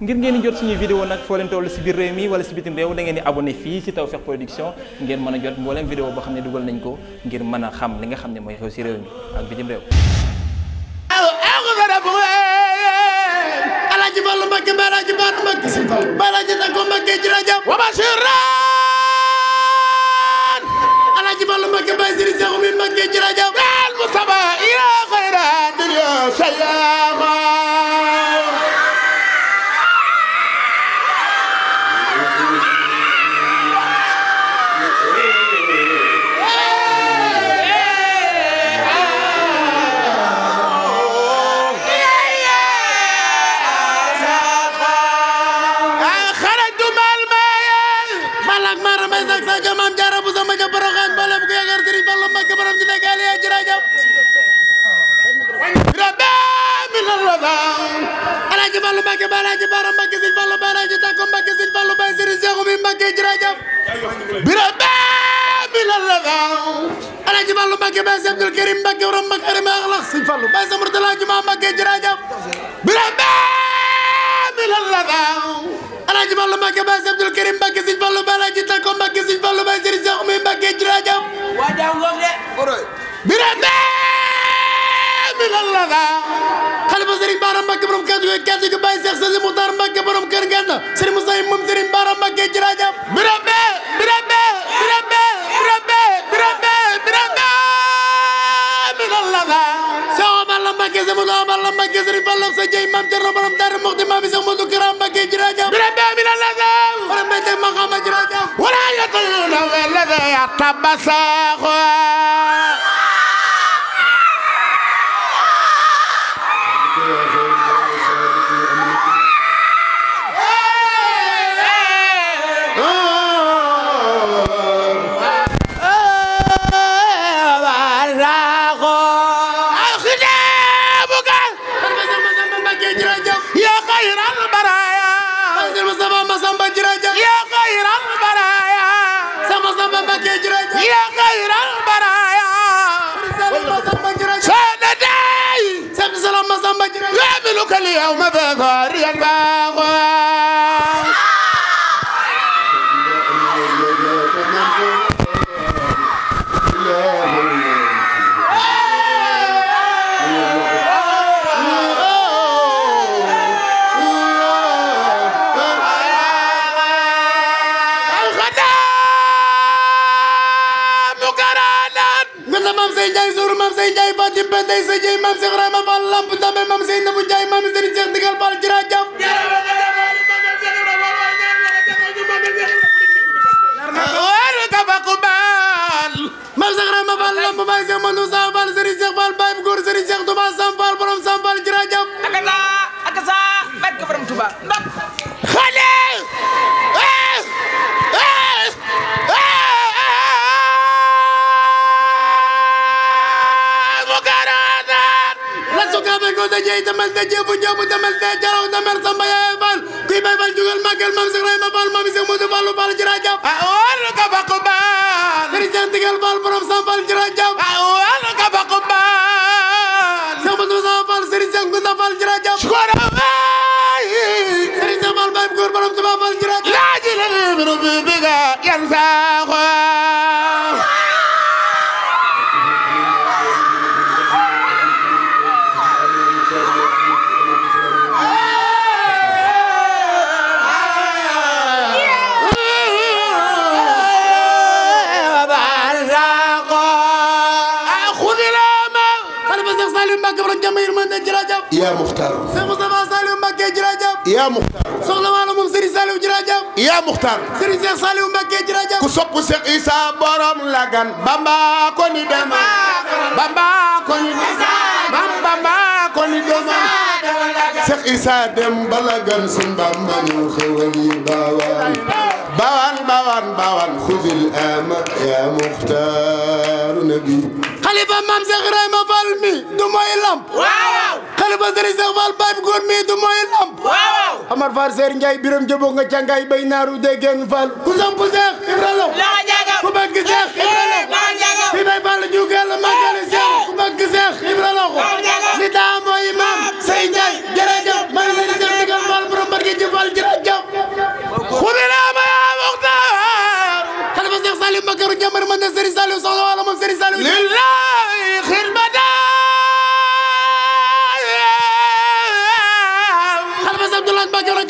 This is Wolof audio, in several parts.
ngir ngeen di jot suñuy vidéo nag foo toll si biir réew mi wala si bitim réew da ngeen di abonné fii si Tawfekh Production ngeen mën a jot mbooleem vidéo boo xam ne dugal nañ ko ngir mën a xam li nga xam ne mooy xew si réew mi ak bitim réew alaaji Fallu Mbakke Alaaji Baara Mbakke Sëñ Fallu Alaaji Tako Mbakke jërëjëf wa bashir ಜಿಲ್ಲೆಗೆ ಅಜ್ಜರಾಜ alaaji Fallu Mbakke ba alaaji Baara Mbakke Sëñ Fallu ba alaaji Takko birame mi la la la xalifa sëriñ Baara Mbacke borom kàddu gi kàddu gi bàyyi Seex Sëriñ Muxtaar Mbacke borom kër ngeen sëriñ Moussa yi moom sëriñ Baara Mbacke jërëjëf birame birame birame birame birame birame mi la la la sa Omar la Mbacke sa Modou Omar la Mbacke sëriñ Fall sa jëy maam Cerno borom Daara Muxti maam sa Modou Kara Mbacke jërëjëf birame mi la la la wala mbay tey ma xam jërëjëf wala yataluna wala ya tabasa اليوم بغوريا باغوا Mam say jay sur mam say jay batim ben day say jay mam say rama bal lamp dame Isaa Fall Serigne Cheikh Fall Baye bu góor Serigne Cheikh Touba Sam Fall borom Sam Fall jira jam akasa akasa barke borom Touba ndak xale ko dajee demal dajee bu ñëw bu demal dee jaraw demal samba yaay fal kuy bay fal jugal màggal maam si Ibrahima Fall maam si Modou Fall Fall jërëjëf sëriñ Cheikh Ndigal Fall borom Sampal Jirajab. waaw wàllu Kabakou Mbal. Cheikh Moussa Sama Fall sëriñ Cheikh Ngounda Fall Jirajab. Sukoro waay. sëriñ Cheikh Fall Baye Gour borom Touba Fall Jirajab. laaj la ne mbiru bi bi nga yan saako. Saliou Mbacké borom jàmm yërmande jërëjëf yaa muxtaar Cheikh ku sopp Cheikh Issa lagan bamba ko ni dema Cheikh Issa dem bala gan sun Bamba ñu xewal yi baawaan baawaan baawaan baawaan yaa muxtaaru nabi xalifa maam Cheikh Ibrahima Fall du mooy lamp waaw xalifa Serigne Cheikh Fall Baye Góor mi du mooy lamp waaw Amar Fall Seer Ndiaye biram jëboo nga càngaay bay naaru déggeen Fall ku samp Cheikh Ibra Lo ku bëgg Cheikh Ibra Lo fi bay Fall juugee la màggale Cheikh ku bëgg Cheikh Ibra Lo li daa mooy maam say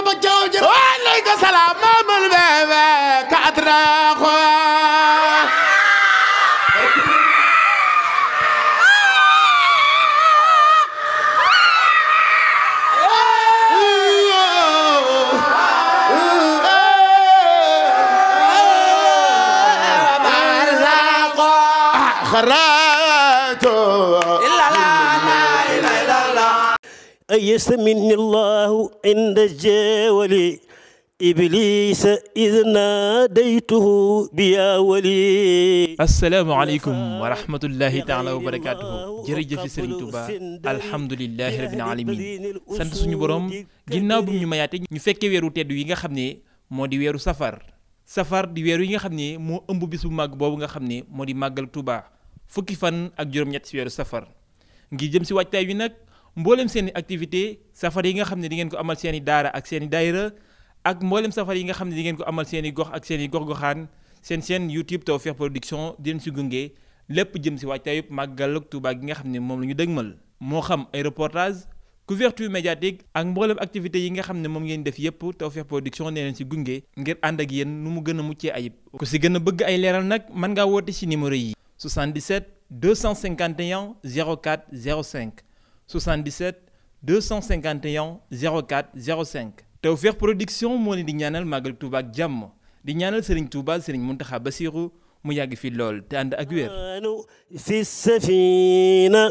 بركة بتجوجر وعليك سلام ماما البيبي كأترا أخوان خراته إلا لا أيسمني الله عند الجاول إبليس إذ ناديته بيا ولي السلام عليكم wa الله تعالى وبركاته jërëjëf Serigne Touba alhamdulilahi rabbil alamin sant suñu borom ginnaaw bi ñu mayaate ñu fekkee weeru tedd yi nga xam ne moo di weeru safar safar di weeru yi nga xam ne moo ëmb bis bu màgg boobu nga xam ne moo di màggal tubaa fukki fan ak juróom-ñett si weeru safar ngir jëm si waajtaay wi nag mboolem seeni activité safar yi nga xam ne di ngeen ko amal seeni i daara ak seen dayra ak mboolem safar yi nga xam ne di ngeen ko amal seeni gox ak seeni i gox-goxaan seen seen YouTube Tawfekh Production di leen si gunge lépp jëm si waajtaayub màggal ak Tuubaa gi nga xam ne moom la ñu dëgmal moo xam ay reportage couverture médiatique ak mboolem activité yi nga xam ne moom ngeen def yépp Tawfekh Production nee leen si gunge ngir ànd ak yéen nu mu gën a muccee ayib ku si gën a bëgg ay leeral nag mën ngaa woote si numéro yi 77 251 04 05 77 251 04 05 Tawfekh Production moo leen di ñaanal màggal Touba ak jàmm di ñaanal Serigne Touba Serigne Mountakha Bassirou mu yàgg fi lool te ànd ak wér fi safina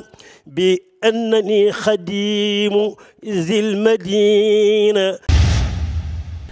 bi annani xadimu zil madina